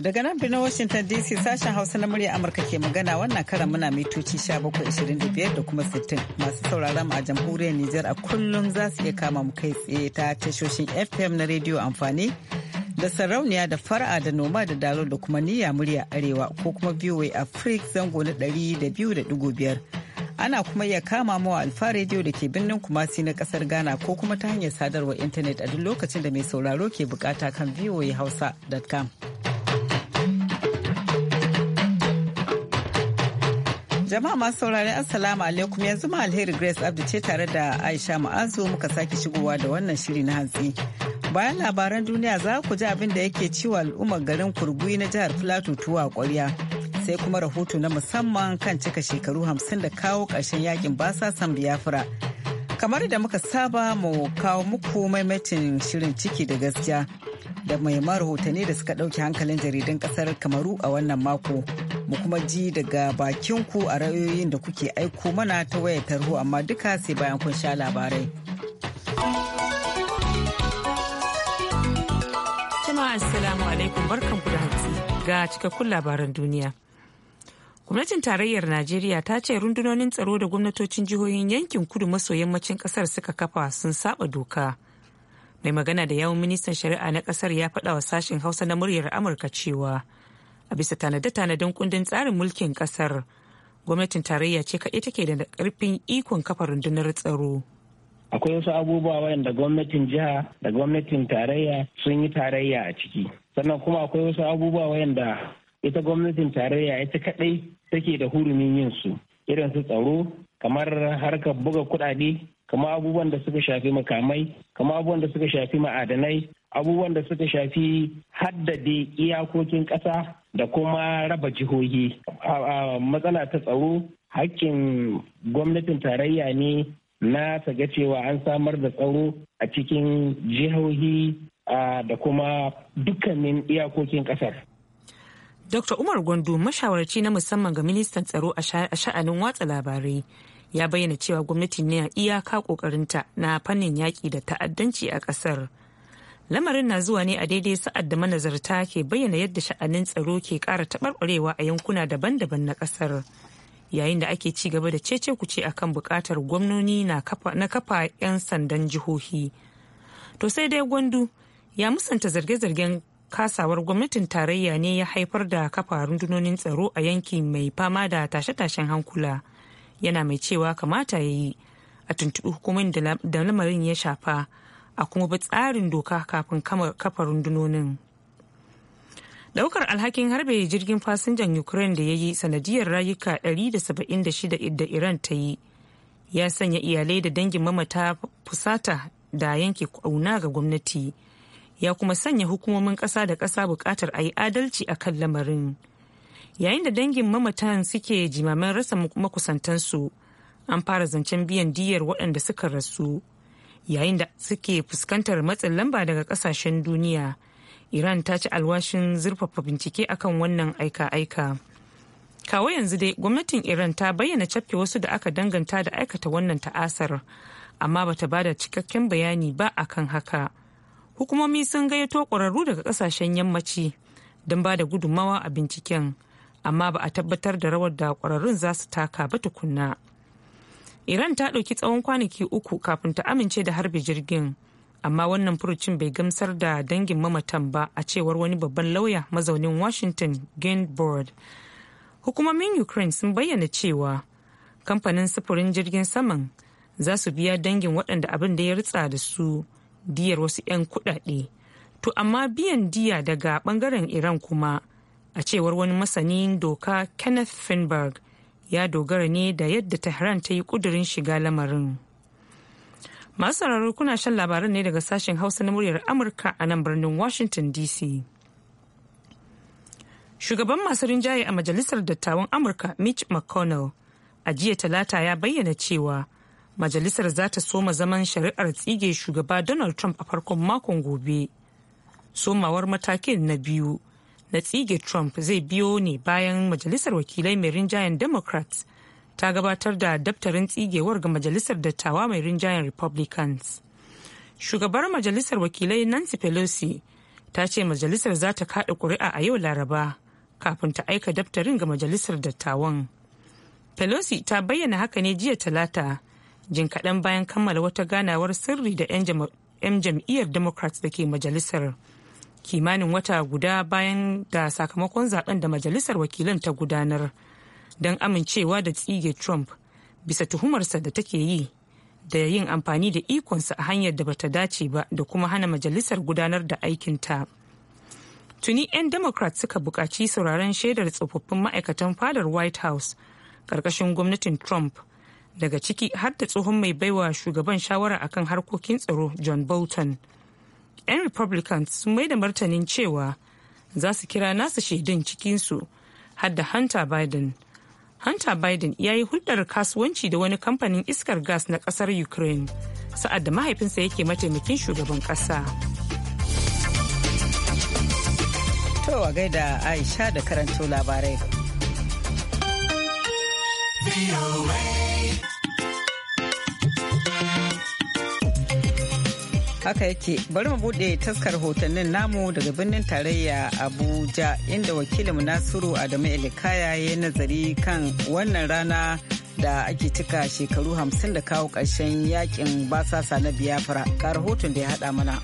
Daga nan birnin Washington DC sashen Hausa na murya Amurka ke magana wannan karan muna mitoci 1725 da kuma 60 masu sauraron mu a jamhuriyar Nijar a kullum za su iya kama mu kai tsaye ta tashoshin FM na rediyo amfani da sarauniya da fara'a da noma da dalo da kuma niyya murya arewa ko kuma VOA Africa zango na 200.5 ana kuma iya kama mu alfa rediyo da ke birnin kumasi na kasar ghana ko kuma ta hanyar sadarwar intanet a duk lokacin da mai sauraro ke bukata kan voahausa.com Jama'a masu saurari Assalamu alaikum yanzu ma alheri Grace Abdu ce tare da Aisha Ma'azu muka sake shigowa da wannan shiri na hantsi. Bayan labaran duniya za ku ji abin da yake ciwo al'ummar garin Kurgui na jihar Filato tuwa ƙwarya. Sai kuma rahoto na musamman kan cika shekaru hamsin da kawo ƙarshen yakin basasan Biafra. Kamar da muka saba mu kawo muku maimacin shirin ciki da gaskiya da mai rahotanni da suka ɗauke hankalin jaridan ƙasar Kamaru a wannan mako. mu kuma ji daga bakin ku a ra'ayoyin da kuke aiko mana ta wayar tarho amma duka sai bayan kun sha labarai. Jama'a Assalamu alaikum barkanku da hantsi ga cikakkun labaran duniya. Gwamnatin tarayyar Najeriya ta ce rundunonin tsaro da gwamnatocin jihohin yankin kudu maso yammacin kasar suka kafa sun saba doka. Mai magana da yawun ministan shari'a na kasar ya faɗa wa sashen Hausa na muryar Amurka cewa a bisa tanade-tanaden kundin tsarin mulkin kasar gwamnatin tarayya ce kaɗai take da ƙarfin ikon kafa rundunar tsaro akwai wasu abubuwa wayanda gwamnatin jiha da gwamnatin tarayya sun yi tarayya a ciki sannan kuma akwai wasu abubuwa wanda ita gwamnatin tarayya ita kaɗai take da hurumin yin su irin su tsaro kamar harkar buga kuɗaɗe kama abubuwan da suka shafi makamai kamar abubuwan da suka shafi ma'adanai abubuwan da suka shafi haddade iyakokin ƙasa da kuma raba jihohi a matsala ta tsaro hakkin gwamnatin tarayya ne na saga cewa an samar da tsaro a cikin jihohi da kuma dukkanin iyakokin kasar dr umar gwandu mashawarci na musamman ga ministan tsaro a sha'anin watsa labarai ya bayyana cewa gwamnati na iyaka kokarinta na fannin yaƙi da ta'addanci a ƙasar lamarin na zuwa ne a daidai sa'ad da manazarta ke bayyana yadda sha'anin tsaro ke kara taɓarɓarewa a yankuna daban-daban na ƙasar yayin da ake ci gaba da cece kuce akan buƙatar gwamnoni na kafa 'yan sandan jihohi to sai dai gwandu ya musanta zarge-zargen kasawar gwamnatin tarayya ne ya haifar da kafa rundunonin tsaro a yanki mai fama da tashe-tashen hankula yana mai cewa kamata ya yi a tuntuɓi hukumin da lamarin ya shafa a kuma bi tsarin doka kafin kafa rundunonin daukar alhakin harbe jirgin fasinjan ukraine da ya yi sanadiyar rayuka 176 da iran ta yi ya sanya iyalai da dangin mamata fusata da yanke kauna ga gwamnati ya kuma sanya hukumomin ƙasa da ƙasa bukatar a yi adalci a kan lamarin yayin da dangin mamatan suke jimamin rasa makusantansu an fara zancen biyan diyar waɗanda suka rasu yayin da suke fuskantar matsin lamba daga kasashen duniya iran ta ci alwashin zurfafa bincike akan wannan aika-aika kawo yanzu dai gwamnatin iran ta bayyana cafke wasu da aka danganta da aikata wannan ta'asar amma bata ba da cikakken bayani ba akan haka hukumomi sun gayyato ƙwararru daga kasashen yammaci don ba da gudummawa a binciken amma ba a tabbatar da rawar da ƙwararrun za su taka ba tukunna. iran ta ɗauki tsawon kwanaki uku kafin ta amince da harbe jirgin amma wannan furucin bai gamsar da dangin mamatan ba a cewar wani babban lauya mazaunin washington gainboard hukumomin ukraine sun bayyana cewa kamfanin sufurin jirgin saman za su biya dangin waɗanda abin da ya ritsa da su diyar wasu 'yan kuɗaɗe to amma biyan diya daga ɓangaren iran kuma a cewar wani masanin doka kenneth finberg ya dogara ne da yadda tehran ta yi kudurin shiga lamarin masu sauraro kuna shan labaran ne daga sashen hausa na muryar amurka a nan birnin washington dc shugaban masu rinjaye a majalisar dattawan amurka mitch mcconnell a jiya talata ya bayyana cewa majalisar za ta soma zaman shari'ar tsige shugaba donald trump a farkon makon gobe somawar matakin na biyu na tsige trump zai biyo ne bayan majalisar wakilai mai rinjayen democrats ta gabatar da daftarin tsigewar ga majalisar dattawa mai rinjayen republicans shugabar majalisar wakilai nancy pelosi ta ce majalisar za ta kaɗa kuri'a a yau laraba kafin ta aika daftarin ga majalisar dattawan pelosi ta bayyana haka ne jiya talata jin kaɗan bayan kammala wata ganawar sirri da 'yan jam'iyyar democrats da ke majalisar kimanin wata guda bayan da sakamakon zaben da majalisar wakilan ta gudanar don amincewa da tsige trump bisa tuhumarsa da take yi da yin amfani da ikonsa a hanyar da bata dace ba da kuma hana majalisar gudanar da aikinta tuni 'yan democrat suka buƙaci sauraron shaidar tsofaffin ma'aikatan fadar white house ƙarƙashin gwamnatin trump daga ciki har da tsohon mai baiwa shugaban shawara akan harkokin tsaro john bolton 'yan republicans sun mai da martanin cewa za su kira nasu shaidun cikinsu har da hunter biden hunter biden ya yi hulɗar kasuwanci da wani kamfanin iskar gas na ƙasar ukraine sa'ad da mahaifinsa yake mataimakin shugaban ƙasa. To a gaida Aisha da karanto labarai. haka yake bari mu bude taskar hotonnin namu daga birnin tarayya abuja inda wakilin nasiru adamu elikaya ya nazari kan wannan rana da ake cika shekaru hamsin da kawo ƙarshen yakin basasa na biyafra ga rahoton da ya hada mana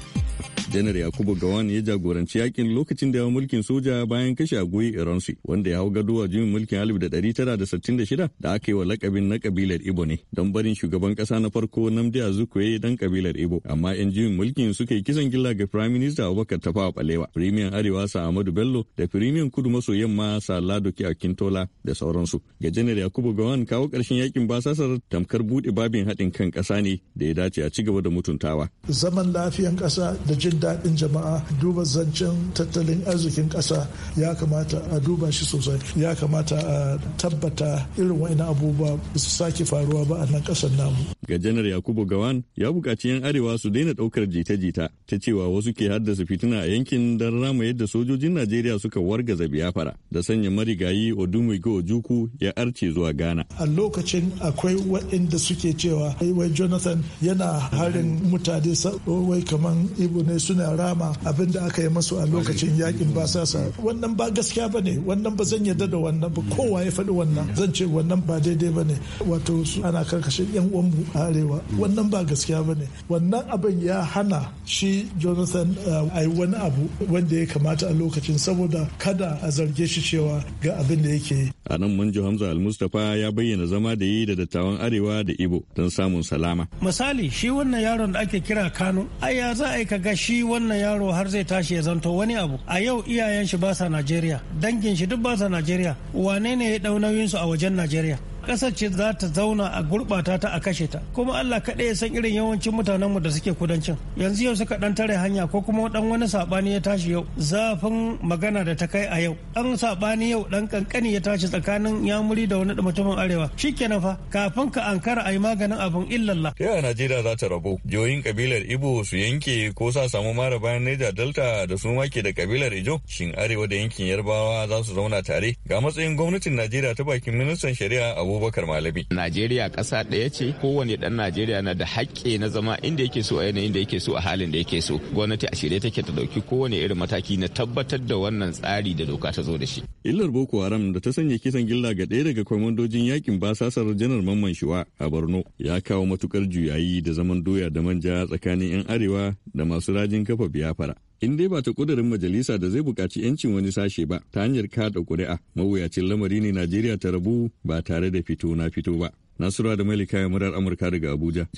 janar yakubu gawan ya jagoranci yakin lokacin da ya mulkin soja bayan kashe agoyi iransu wanda ya hau gado a juyin mulkin 1966 da aka yi wa lakabin na kabilar ibo ne don barin shugaban kasa na farko namdi azukoye dan kabilar ibo amma yan juyin mulkin suka yi kisan gilla ga prime minister abubakar a balewa firimiyan arewa sa amadu bello da firimiyan kudu maso yamma sa ladoki kintola da sauransu ga janar yakubu gawan kawo karshen yakin basasar tamkar buɗe babin haɗin kan ƙasa ne da ya dace a ci gaba da mutuntawa zaman lafiyan kasa da jin jin daɗin jama'a duba zancen tattalin arzikin ƙasa ya kamata a duba shi sosai ya kamata a tabbata irin wa'in abubuwa ba su sake faruwa ba a nan ƙasar namu. ga janar yakubu gawan ya buƙaci 'yan arewa su daina ɗaukar jita-jita ta cewa wasu ke haddasa fitina a yankin don rama yadda sojojin najeriya suka wargaza biyafara da sanya marigayi odumigo ojuku ya arce zuwa ghana a lokacin akwai waɗanda suke cewa wai jonathan yana harin mutane wai kaman ibo ne suna rama abin da aka yi masu a lokacin yakin sa wannan ba gaskiya ba ne wannan ba zan yarda da wannan ba kowa ya faɗi wannan zan ce wannan ba daidai ba ne wato su ana karkashin yan uwanmu a arewa wannan ba gaskiya ba ne wannan abin ya hana shi jonathan uh, a yi wani abu wanda ya kamata a lokacin saboda kada a zarge shi cewa ga abin da yake yi a nan manjo hamza almustapha ya bayyana zama da yi da dattawan arewa da ibo don samun salama misali shi wannan yaron da ake kira kano ai ya za a yi ka ga shi shi wannan yaro har zai tashi ya zanto wani abu a yau iyayen shi ba sa najeriya dangin shi duk ba sa najeriya wane ne ya dau nauyin su a wajen najeriya ƙasar ce za ta zauna a gurɓata ta a kashe ta kuma allah kaɗai ya san irin yawancin mutanenmu da suke kudancin yanzu yau suka ɗan tare hanya ko kuma ɗan wani saɓani ya tashi yau zafin magana da ta kai a yau ɗan saɓani yau ɗan ƙanƙani ya tashi tsakanin yamuri da wani mutumin arewa shikenan fa kafin ka ankara a yi maganin abin illallah. yaya najeriya za ta rabo jihohin kabilar ibo su yanke ko sa samu mara bayan neja delta da su make da kabilar ijo shin arewa da yankin yarbawa za su zauna tare ga matsayin gwamnatin najeriya ta bakin ministan shari'a abu abubakar malami najeriya ƙasa ɗaya ce kowane ɗan najeriya na da haƙƙi na zama inda yake so a yanayin da yake so a halin da yake so gwamnati a shirye take ta ɗauki kowane irin mataki na tabbatar da wannan tsari da doka ta zo da shi illar boko haram da ta sanya kisan gilla ga ɗaya daga kwamandojin yakin basasar janar mamman shuwa a borno ya kawo matukar juyayi da zaman doya da manja tsakanin 'yan arewa da masu rajin kafa biyafara in dai ba ta kudurin majalisa da zai buƙaci 'yancin wani sashe ba ta hanyar kada ƙuri'a mawuyacin lamari ne najeriya ta rabu ba tare da fito na fito ba nasura da malika ya murar amurka daga abuja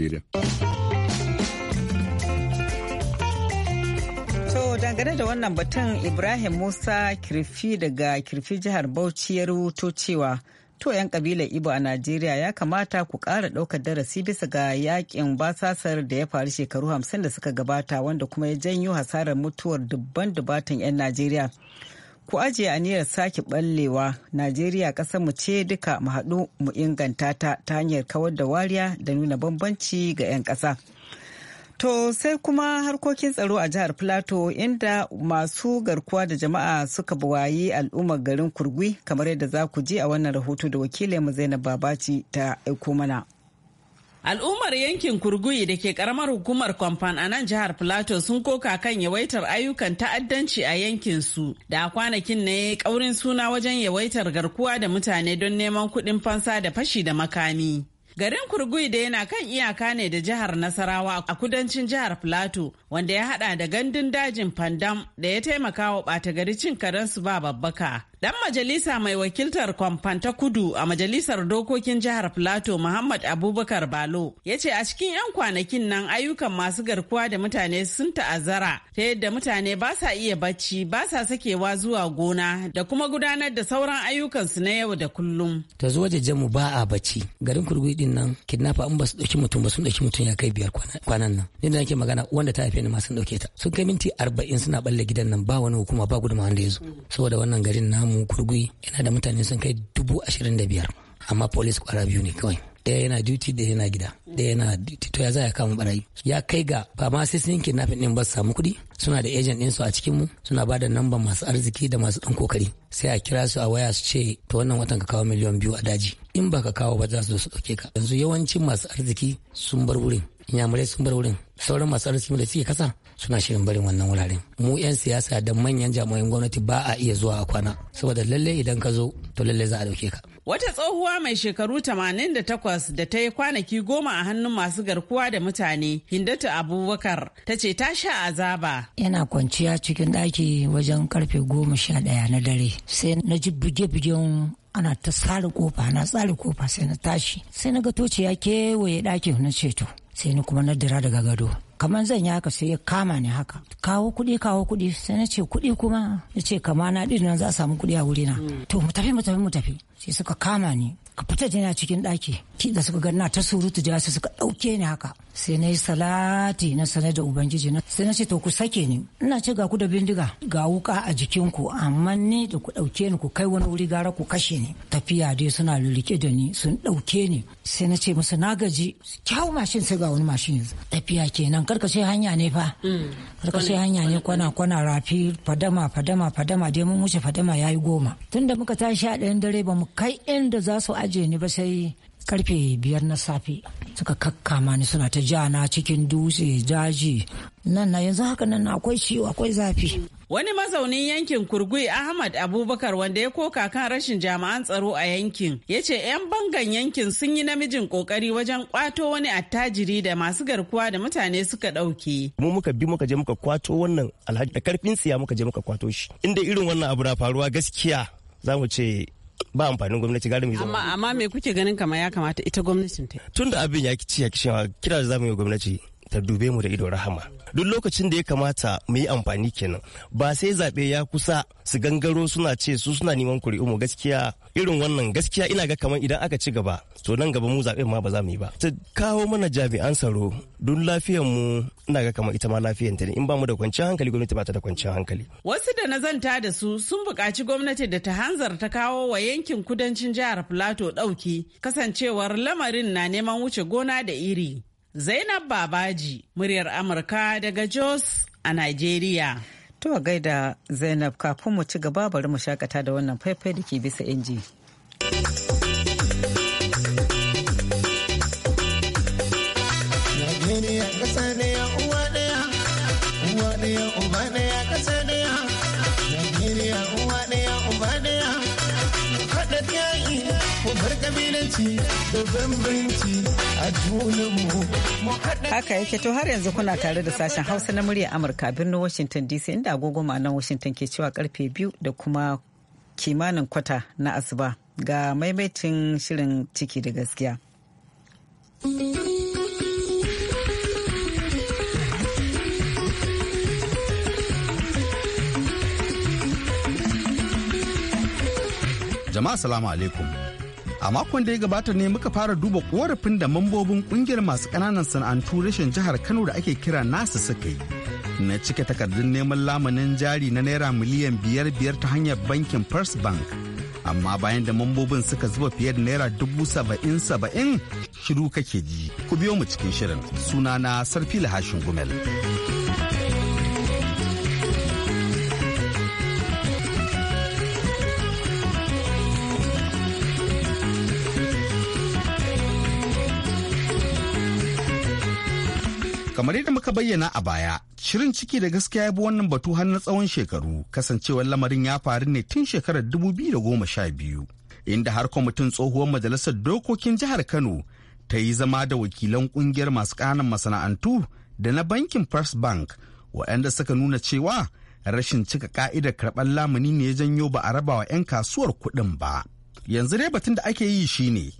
to dangane da wannan batun ibrahim musa kirfi daga kirfi jihar bauchi ya rubuto cewa to 'yan kabilar ibo a najeriya ya kamata ku ƙara ɗaukar darasi bisa ga yakin basasar da ya faru shekaru hamsin da suka gabata wanda kuma ya janyo hasarar mutuwar dubban dubatan 'yan najeriya ku ajiye aniyar sake ballewa najeriya ƙasar mu ce duka mu haɗu mu inganta ta ta hanyar kawar da wariya da nuna bambanci ga 'yan ƙasa To sai kuma harkokin tsaro a jihar Plateau inda masu garkuwa da jama'a suka buwayi al'ummar garin Kurgui kamar yadda za ku ji a wannan rahoto da wakilinmu Zainab Babaci ta aiko mana. Al'ummar yankin Kurgui da ke karamar hukumar Kwamfan a nan jihar Plateau sun koka kan yawaitar ayyukan ta'addanci a yankin su da kwanakin ne kaurin suna wajen yawaitar garkuwa da mutane don neman kuɗin fansa da fashi da makami. Garin Kurgui da yana kan iyaka ne da jihar Nasarawa a kudancin jihar Filato wanda ya hada da gandun dajin Fandam da ya taimaka wa ɓata gari cin karensu ba babbaka. Dan majalisa mai wakiltar kwamfan ta kudu a majalisar dokokin jihar Plateau Muhammad Abubakar Balo ya ce a cikin 'yan kwanakin nan ayyukan masu garkuwa da mutane sun ta'azzara ta yadda mutane ba sa iya bacci ba sa sakewa zuwa gona da kuma gudanar da sauran ayyukansu na yau da kullum. Ta zo da jamu ba a bacci garin kurgui din nan kidnapper in ba su ɗauki mutum ba sun ɗauki mutum ya kai biyar kwanan nan. Ni da nake magana wanda ta haife ni ma sun ɗauke ta. Sun kai minti arba'in suna balle gidan nan ba wani hukuma ba gudunmawa da ya zo. Saboda wannan garin namu mu kurgui yana da mutane sun kai dubu ashirin da biyar amma police kwara biyu ne kawai daya yana duty daya yana gida daya yana duty to ya za ya kama barayi ya kai ga ba ma sai sun yanke nafin ɗin ba su samu kuɗi suna da agent ɗinsu a cikin mu suna ba da namban masu arziki da masu ɗan kokari sai a kira su a waya su ce to wannan watan ka kawo miliyan biyu a daji in ba ka kawo ba za su zo su ɗauke ka yanzu yawancin masu arziki sun bar wurin inyamurai sun bar wurin sauran masu arziki da suke kasa suna shirin barin wannan wuraren mu 'yan siyasa da manyan jami'an gwamnati ba a iya zuwa a kwana saboda lalle idan ka zo to lalle za a dauke ka wata tsohuwa mai shekaru tamanin da takwas ta yi kwanaki goma a hannun masu garkuwa da mutane hindatu abubakar ta ce ta sha azaba yana kwanciya cikin ɗaki wajen karfe goma sha ɗaya na dare sai na ji buge-bugen ana ta tsare kofa na tsare kofa sai na tashi sai na ga toci ya kewaye ɗakin na ceto sai ni kuma na dira daga gado kamar zan yi haka sai ya kama ni haka kawo kuɗi kawo kuɗi sai na ce kuɗi kuma na ce kama na ɗin nan za a samu kuɗi a wurina to mu tafi mu tafi mu tafi sai suka kama ni ka fita jina cikin ɗaki ki da suka na ta surutu da sai suka ɗauke ni haka sai na yi salati na sanar da ubangiji na sai na ce to ku sake ni ina ce ga ku da bindiga ga wuka a jikinku amma ni da ku dauke ni ku kai wani wuri gara ku kashe ni tafiya dai suna lulluke da ni sun dauke ni sai na ce musu na gaji kyau mashin sai ga wani mashin yanzu tafiya kenan karkashe hanya ne fa mm. karkashe hanya ne kwana kwana rafi fadama fadama fadama dai mun wuce fadama yayi goma tunda muka tashi a ɗayan dare ba mu kai inda za su aje ni ba sai karfe biyar na safe suka kakkama ni suna ta jana cikin dutse daji nan na yanzu haka nan akwai ciwo akwai zafi wani mazaunin yankin kurgui ahmad abubakar wanda ya koka kan rashin jami'an tsaro a yankin ya ce 'yan bangan yankin sun yi namijin kokari wajen kwato wani attajiri da masu garkuwa da mutane suka dauke mu muka bi muka je muka kwato wannan alhaji da karfin tsiya muka je muka kwato shi inda irin wannan abu na faruwa gaskiya za mu ce ba amfanin gwamnati gari mai zama amma me kuke ganin kama ya kamata ita gwamnatin ta tunda abin ya ci ya kishin kira da zamu yi gwamnati ta dube mu da ido rahama duk lokacin da ya kamata mu yi amfani kenan ba sai zaɓe ya kusa su gangaro suna ce su suna neman kuri'u mu gaskiya irin wannan gaskiya ina ga kamar idan aka ci gaba to nan gaba mu zaɓe ma ba za mu yi ba ta kawo mana jami'an tsaro duk lafiyar mu ina ga kamar ita ma lafiyar ta ne in ba mu da kwanciyar hankali gwamnati ba ta da kwanciyar hankali wasu da na zanta da su sun buƙaci gwamnati da ta hanzarta kawo wa yankin kudancin jihar Plateau ɗauki kasancewar lamarin na neman wuce gona da iri Zainab Babaji, muryar Amurka daga Jos a Najeriya. To a gaida Zainab kafin mu ci gaba bari mu shakata da wannan faifai da ke bisa inji. bambanci da haka yake to har yanzu kuna tare da sashen hausa na murya amurka birnin washington dc inda agogo ma'anan washington ke cewa karfe biyu da kuma kimanin kwata na asuba ga maimaitin shirin ciki da gaskiya jama'a salamu alaikum a makon da ya gabata ne muka fara duba korafin da mambobin kungiyar masu kananan sana'antu rashin jihar kano da ake kira nasa suka yi na cike takardun neman lamunin jari na naira miliyan biyar biyar ta hanyar bankin first bank amma bayan da mambobin suka zuba fiye da naira dubu saba'in saba'in shiru kake ji ku biyo mu cikin shirin sunana sarfila hashin gumel. kamar yadda muka bayyana a baya shirin ciki da gaskiya ya bi wannan batu har na tsawon shekaru kasancewar lamarin ya faru ne tun shekarar dubu biyu da goma sha biyu. inda har kwamitin tsohuwar majalisar dokokin jihar kano ta yi zama da wakilan kungiyar masu kanan masana'antu da na bankin first bank waɗanda suka nuna cewa rashin cika ka'idar karɓar lamuni ne ya janyo ba a raba wa 'yan kasuwar kuɗin ba yanzu dai batun da ake yi shine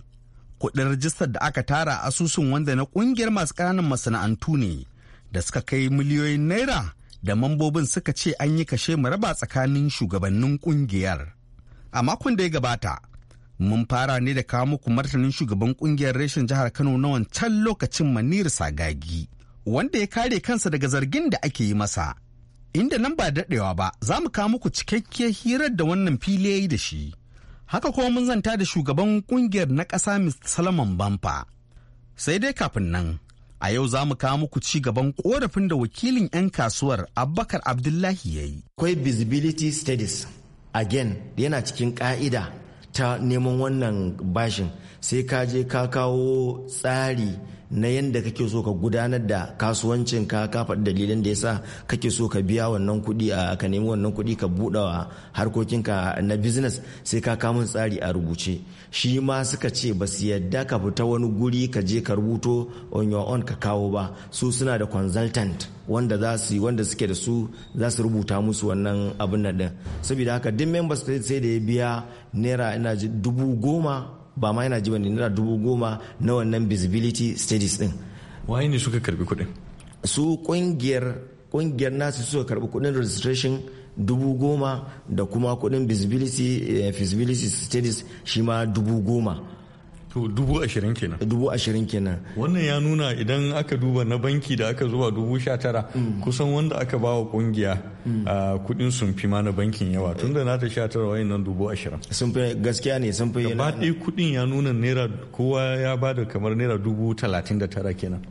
kuɗin rajistar da aka tara a asusun wanda na ƙungiyar masu ƙananan masana'antu ne da suka kai miliyoyin naira da mambobin suka ce an yi kashe maraba tsakanin shugabannin ƙungiyar. A makon da ya gabata, mun fara ne da kawo muku martanin shugaban ƙungiyar reshen jihar Kano na wancan lokacin Manir Sagagi, wanda ya kare kansa daga zargin da ake yi masa. Inda nan ba daɗewa ba, za mu kawo muku cikakkiyar hirar da wannan fili ya yi da shi. haka kuma mun zanta da shugaban kungiyar na ƙasa Mr. Salman Bamfa. Sai dai kafin nan, a yau za mu kawo muku ci gaban korafin da wakilin 'yan kasuwar Abubakar Abdullahi ya yi. Akwai visibility studies, again, yana cikin ƙa'ida ta neman wannan bashin sai ka je ka kawo tsari na yadda kake so ka gudanar da kasuwancin ka ka faɗi dalilin da yasa kake so ka biya wannan kuɗi a ka nemi wannan kuɗi ka buɗe wa ka na business sai ka kamun tsari a rubuce shi ma suka ce ba su yadda ka fita wani guri ka je ka rubuto on your own ka kawo ba su suna da consultant wanda za su wanda suke da su za su rubuta musu wannan abin nan din saboda haka duk members sai da ya biya naira ina dubu goma ba ma yana ji bane naira dubu goma na wannan visibility studies din waye ne suka karbi kuɗin su ƙungiyar nasu suka karbi kuɗin registration dubu goma da kuma kuɗin visibility feasibility eh, studies shi ma dubu goma To dubu ashirin kenan. Dubu ashirin kenan. Wannan ya nuna idan aka duba na banki da aka zuwa dubu sha tara mm. kusan wanda aka ba wa kungiya mm. kudin sun fi ma na bankin yawa tun da nata sha tara wayan nan dubu ashirin. Sun fi gaskiya ne sun fi. Gaba ɗaya kudin ya nuna naira kowa ya bada kamar naira dubu talatin da tara kenan.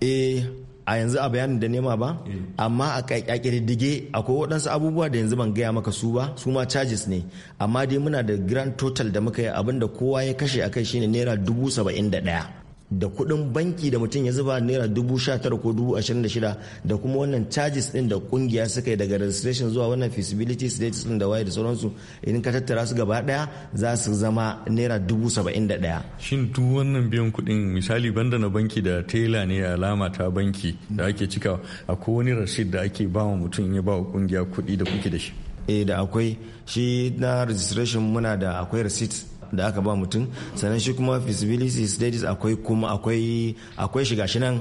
Eh a yanzu a bayanin da nema ba eh. amma a kididdige akwai waɗansu abubuwa da yanzu ban gaya maka su ba su ma charges ne amma dai muna da grand total da muka yi abinda kowa ya kashe akai shine naira dubu saba'in da ɗaya da kuɗin banki da mutum ya zuba naira dubu sha tara ko dubu ashirin da shida da kuma wannan charges din da kungiya suka yi daga registration zuwa wannan feasibility status din da waye da sauransu idan ka tattara su gaba daya za su zama naira dubu saba'in da daya. shin duk wannan biyan kuɗin misali banda na banki da tela ne alama ta banki da ake cikawa akwai wani rashid da ake ba wa mutum ya ba wa kungiya kuɗi da kuke da shi. eh da akwai shi na registration muna da akwai receipt da aka ba mutum sannan shi kuma feasibility studies akwai kuma akwai akwai shi nan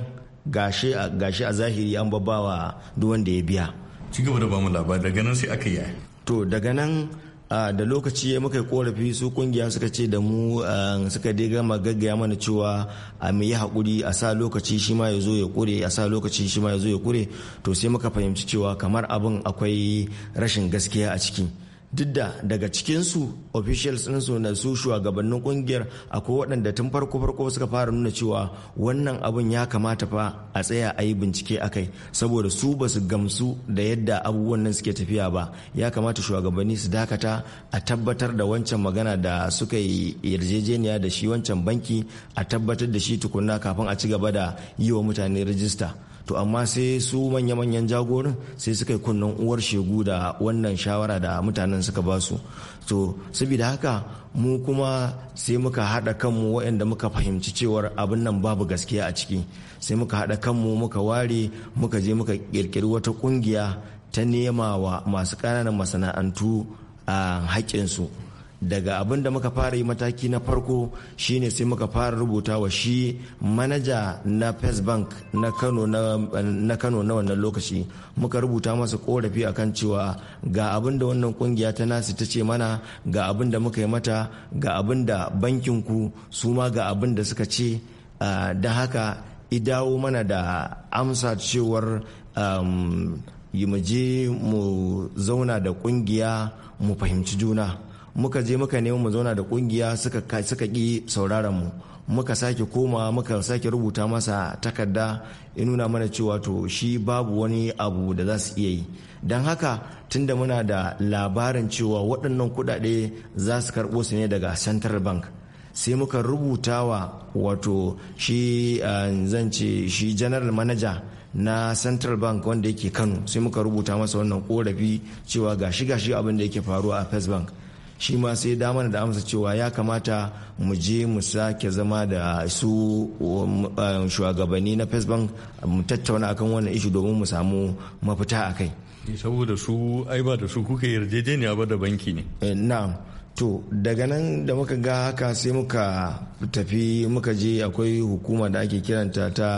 gashi gashi a zahiri an babawa duk wanda ya biya ci gaba da ba mu labari daga nan sai aka yi to daga nan da lokaci ya muka korafi su kungiya suka ce da mu suka dai gama gaggaya mana cewa a mu yi hakuri a sa lokaci shi ma ya zo ya kure a sa lokaci shi ma ya zo ya kure to sai muka fahimci cewa kamar abin akwai rashin gaskiya a ciki duk da daga cikinsu officials su na su shugabannin kungiyar akwai waɗanda tun farko farko suka fara nuna cewa wannan abun ya kamata fa a tsaya a yi bincike a kai saboda su ba su gamsu da yadda abubuwan nan suke tafiya ba ya kamata shugabanni su dakata a tabbatar da wancan magana da suka yi yarjejeniya da shi wancan banki a tabbatar da shi tukunna kafin a ci gaba da yi wa mutane rajista to amma sai su manya-manyan jagorin sai suka yi kunnen uwar shegu da wannan shawara da mutanen suka ba su to saboda haka mu kuma sai muka haɗa kanmu waɗanda muka fahimci cewar abin nan babu gaskiya a ciki sai muka haɗa kanmu muka ware muka je muka ƙirƙiri wata ƙungiya ta nema wa masu ƙananan masana'antu a ah, haƙƙinsu daga abin da muka fara yi mataki na farko shine sai muka fara rubuta wa shi manaja na first bank na kano na wannan lokaci muka rubuta masa korafi akan cewa ga abin da wannan kungiya ta nasi ta ce mana ga abin da muka yi mata ga abin da bankinku su ma ga abin da suka ce ah, da haka idawo mana da amsa cewar um, mu je mu zauna da kungiya mu fahimci juna. muka je muka nemi mu zauna da kungiya suka suka ki sauraron mu muka sake koma muka sake rubuta masa takarda ya nuna mana cewa to shi babu wani abu da za su iya yi don haka tunda muna da labarin cewa waɗannan kuɗaɗe za su karɓo su ne daga central bank sai muka rubuta wa wato shi eh, zan ce shi general manager na central bank wanda yake kano sai muka rubuta masa wannan korafi cewa gashi gashi abin da yake faruwa a first bank shi ma sai dama da amsa cewa ya kamata mu je mu sake zama da su um, um, shugabanni na first bank mu tattauna akan wannan ishu domin mu samu mafita a kai eh, saboda su ai ba da su kuka yarjejeniya ba da banki ne eh, na'am to daga nan da muka ga haka sai muka tafi muka je akwai hukuma da ake kiranta ta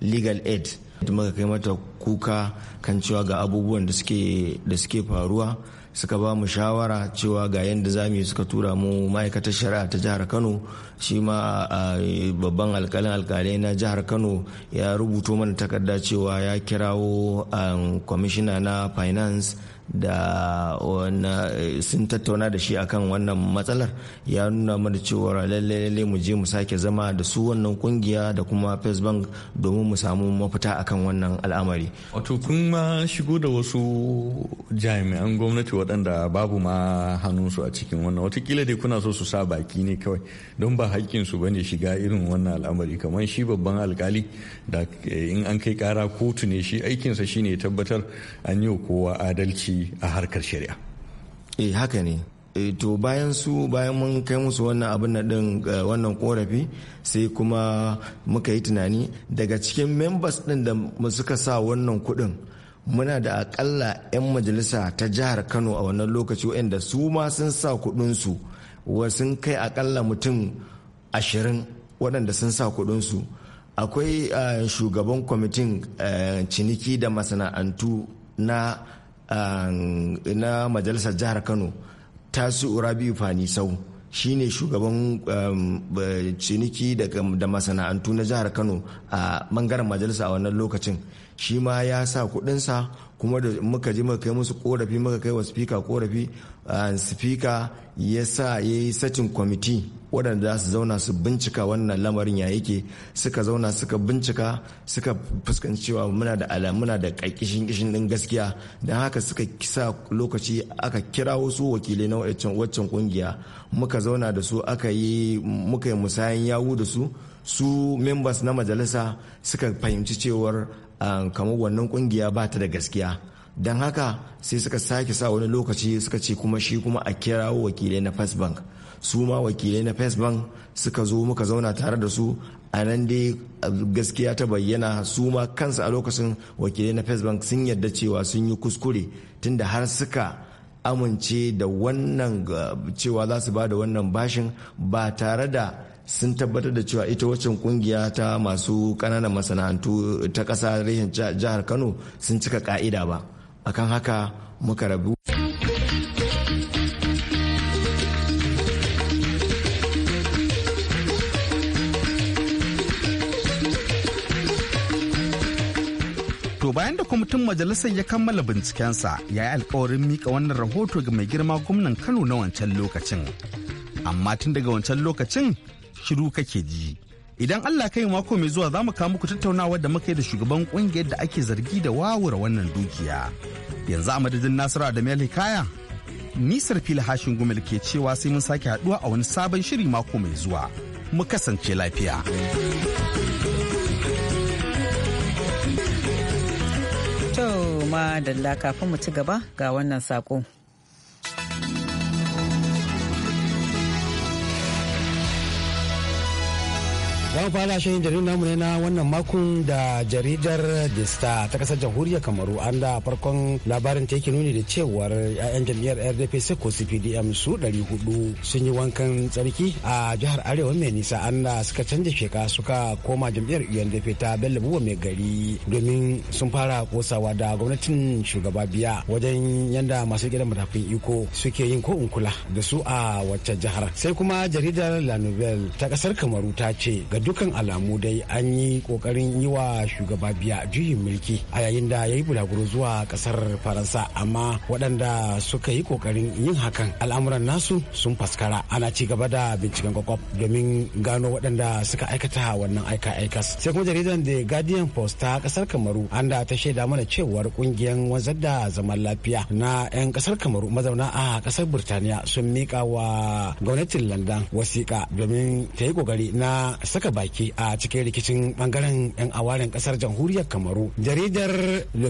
legal aid muka kai mata kuka kan cewa ga abubuwan da suke faruwa suka ba mu shawara cewa ga yadda za mu yi suka tura mu ma'aikatar shari'a ta jihar kano shi ma babban alkalin alkalai na jihar kano ya rubuto mana takarda cewa ya kirawo um, kwamishina na finance da eh, sun tattauna da shi akan wannan matsalar ya nuna mana cewa lalle mu je mu sake zama da su wannan kungiya da kuma first bank domin mu samu mafita akan wannan al'amari wato kun ma shigo da wasu jami'an gwamnati waɗanda babu ma hannunsu a cikin wannan watakila dai kuna so su sa baki ne kawai don ba su ba ne shiga irin wannan al'amari kamar shi babban alkali da eh, in an kai kara kotu ne shi aikinsa shine tabbatar an yi kowa adalci a harkar shari'a eh haka ne eh, to bayan su bayan mun kai musu wannan abin na din eh, wannan korafi sai kuma muka yi tunani daga cikin members din da suka sa wannan kuɗin muna da akalla 'yan majalisa ta jihar kano a wannan lokaci wa'anda su ma sun sa kuɗinsu sun kai akalla mutum ashirin waɗanda sun sa su akwai eh, shugaban kwamitin ciniki da masana'antu na na majalisar jihar kano tasu rabiu fani sau ne shugaban um, ciniki da masana'antu na jihar kano a mangaren majalisa a wannan lokacin shi ma ya sa kuɗinsa kuma da muka je muka kai musu korafi muka kai wa spika korafi spika ya sa ya yi satin kwamiti waɗanda za su zauna su bincika wannan lamarin ya yake suka zauna suka bincika suka fuskanci cewa muna da alamuna da ƙaƙƙishin ƙishin ɗin gaskiya don haka suka sa lokaci aka kira wasu wakilai na waccan ƙungiya muka zauna da su aka yi muka yi musayan yawu da su su members na majalisa suka fahimci cewar kamar wannan kungiya ba ta da gaskiya don haka sai suka sake sa wani lokaci suka ce kuma shi kuma a kirawo wakilai na first bank su ma wakilai na first bank suka zo muka zauna tare da su a nan dai gaskiya ta bayyana su ma kansu a lokacin wakilai na first bank sun yarda cewa sun yi kuskure tunda har suka amince da wannan cewa za su ba da wannan bashin ba tare da sun tabbatar da cewa ita waccan kungiya ta masu kananan masana'antu ta ƙasa rehin jihar kano sun cika ka'ida ba akan haka muka rabu bayan da kwamitin majalisar ya kammala bincikensa ya yi alkawarin mika wannan rahoto ga mai girma gwamnan Kano na wancan lokacin. Amma tun daga wancan lokacin shiru kake ji idan allah kai mako mai zuwa za mu kawo muku tattaunawa da muka yi da shugaban kungiyar da ake zargi da wawura wannan dukiya yanzu a madadin nasiru adamu hikaya nisar fili hashin gumel ke cewa sai mun sake haduwa a wani sabon shiri mako mai zuwa mu kasance lafiya to dalla kafin mu ci gaba ga wannan sako zan mu fara shirin jaridar namu na wannan makon da jaridar the star ta kasar jamhuriyar kamaru an da farkon labarin ta yake nuni da cewar 'ya'yan jam'iyyar rdpc ko cpdm su 400 sun yi wankan tsarki a jihar arewa mai nisa an da suka canza sheka suka koma jam'iyyar undp ta bello buwa mai gari domin sun fara kosawa da gwamnatin shugaba biya wajen yanda masu gidan matafin iko suke yin ko kula da su a wacce jihar sai kuma jaridar la nouvelle ta kasar kamaru ta ce dukkan alamu dai an yi kokarin yi wa shugaba biya juyin mulki a yayin da ya yi bulaguro zuwa kasar faransa amma waɗanda suka yi kokarin yin hakan al'amuran nasu sun faskara ana ci gaba da binciken kwakwaf domin gano waɗanda suka aikata wannan aika-aikas sai kuma jaridar the guardian post ta kasar kamaru an da ta shaida mana cewar ƙungiyar wanzar da zaman lafiya na 'yan kasar kamaru mazauna a kasar birtaniya sun miƙa wa gwamnatin landan wasiƙa domin ta yi kokari na saka baki a cikin rikicin bangaren 'yan awaren kasar jamhuriyar kamaru jaridar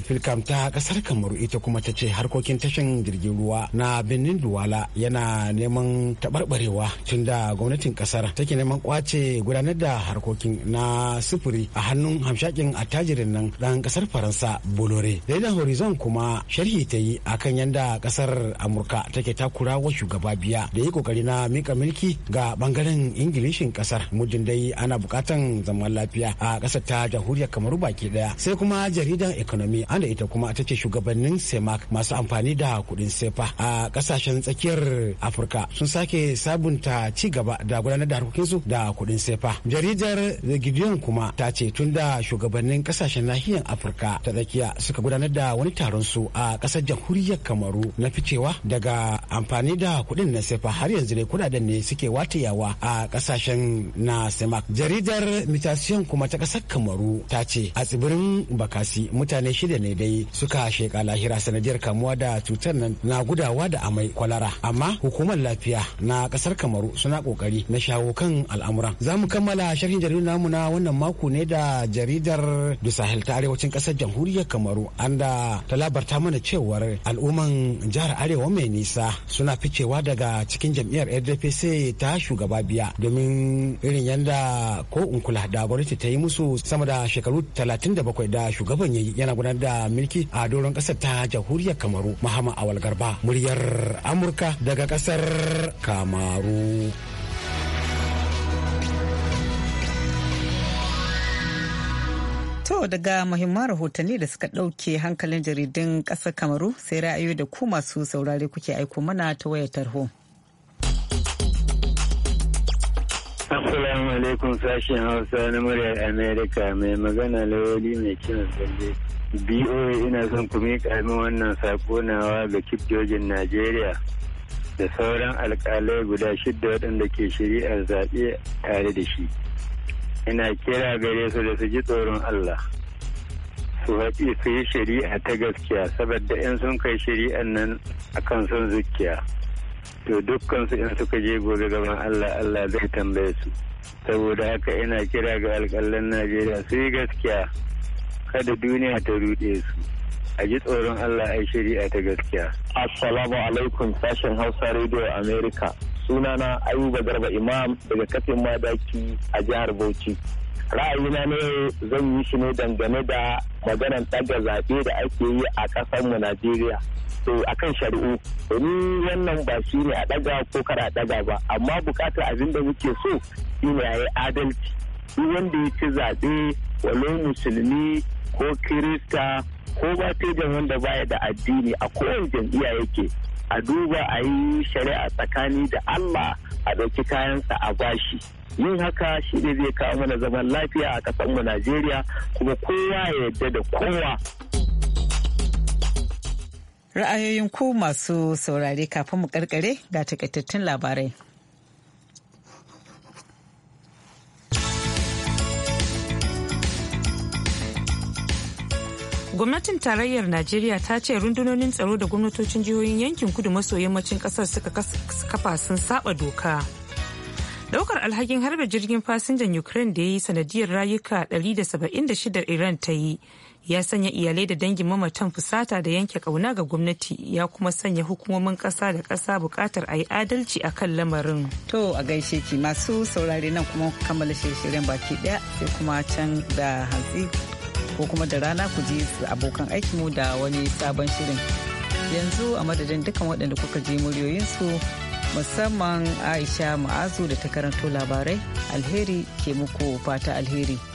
filkam ta kasar kamaru ita kuma ta ce harkokin tashin jirgin ruwa na birnin duwala yana neman tabarbarewa tun da gwamnatin kasar take neman kwace gudanar da harkokin na sufuri a hannun hamshakin attajirin nan dan kasar faransa bolore jaridar horizon kuma sharhi ta yi akan yadda kasar amurka take takura wa shugaba biya da yi kokari na mika milki ga bangaren ingilishin kasar mujin dai ana ana bukatan zaman lafiya a kasar ta jamhuriyar kamaru baki daya sai kuma jaridan economy anda ita kuma ta ce shugabannin semak masu amfani da kuɗin sefa a kasashen tsakiyar afirka sun sake sabunta ci gaba da gudanar da harkokinsu da kuɗin sefa jaridar the gideon kuma ta ce tun da shugabannin kasashen nahiyar afirka ta tsakiya suka gudanar da wani taron su a ƙasar jamhuriyar kamaru na ficewa daga amfani da kuɗin na sefa har yanzu ne kudaden ne suke watayawa a kasashen na semak jaridar mutation kuma ta ƙasar kamaru ta ce a tsibirin bakasi mutane shida ne dai suka sheka lahira sanadiyar kamuwa da cutar nan na gudawa da amai kwalara amma hukumar lafiya na ƙasar kamaru suna kokari na shawo kan al'amuran za mu kammala sharhin jaridar namu na wannan mako ne da jaridar du sahel ta arewacin ƙasar jamhuriyar kamaru an da ta labarta mana cewar al'umman jihar arewa mai nisa suna ficewa daga cikin jam'iyyar rdpc ta shugaba biya domin irin yanda ko in kula da gwamnati ta yi musu sama da shekaru 37 da shugaban yayi yana gudanar da mulki a doron kasar ta jamhuriyar kamaru muhammad awal garba muryar amurka daga kasar kamaru To daga muhimman rahotanni da suka ɗauke hankalin jaridun ƙasar Kamaru sai ra'ayoyi da ku masu saurare kuke aiko mana ta wayar tarho. alaikum sashen Hausa na muryar Amerika mai magana lauri mai kiran tsalle. BOA ina son ku miƙa min wannan sako nawa ga kifjojin Najeriya da sauran alƙalai guda shidda waɗanda ke shari'ar zaɓe tare da shi. Ina kira gare su da su ji tsoron Allah. Su haɗi su yi shari'a ta gaskiya saboda in sun kai shari'an nan akan son zukiya. to dukkansu in suka je gobe gaban Allah Allah zai tambaye su saboda haka ina kira ga alƙalan najeriya su yi gaskiya kada duniya ta ruɗe su a ji tsoron allah ai shari'a ta gaskiya assalamu alaikum sashen hausa radio america sunana ayuba garba imam daga kafin madaki a jihar bauchi ra'ayina ne zan yi shi ne dangane da maganar ɗaga zaɓe da ake yi a ƙasarmu najeriya to eh, kan shari'u domin wannan ba shi ne a ɗaga ko kara ɗaga ba amma bukatar abin da muke so shi ne yi adalci duk wanda ya ci zaɓe walo musulmi ko kirista ko ba tejan wanda baya da addini a kowane jam'iyya yake a duba a yi shari'a tsakani da Allah a ɗauki kayansa a bashi yin haka shi ne zai kawo mana zaman lafiya a mu Najeriya kuma kowa ya yarda da kowa ra'ayoyin ku masu saurare kafin mu karkare ga takaitattun labarai gwamnatin tarayyar najeriya ta ce rundunonin tsaro da gwamnatocin jihohin yankin kudu maso yammacin kasar suka kafa sun saba doka daukar alhakin harbe jirgin fasinjan ukraine da ya yi sanadiyar rayuka 176 iran ta yi ya sanya iyalai da dangin mamatan fusata da yanke kauna ga gwamnati ya kuma sanya hukumomin kasa da kasa bukatar a yi adalci a kan lamarin. To a gaishe ki masu saurare nan kuma kammala shirye-shiryen baki daya sai kuma can da hantsi ko kuma da rana ku ji abokan mu da wani sabon shirin. Yanzu a madadin dukkan waɗanda kuka ji muryoyinsu musamman Aisha Ma'azu da ta karanto labarai alheri ke muku fata alheri.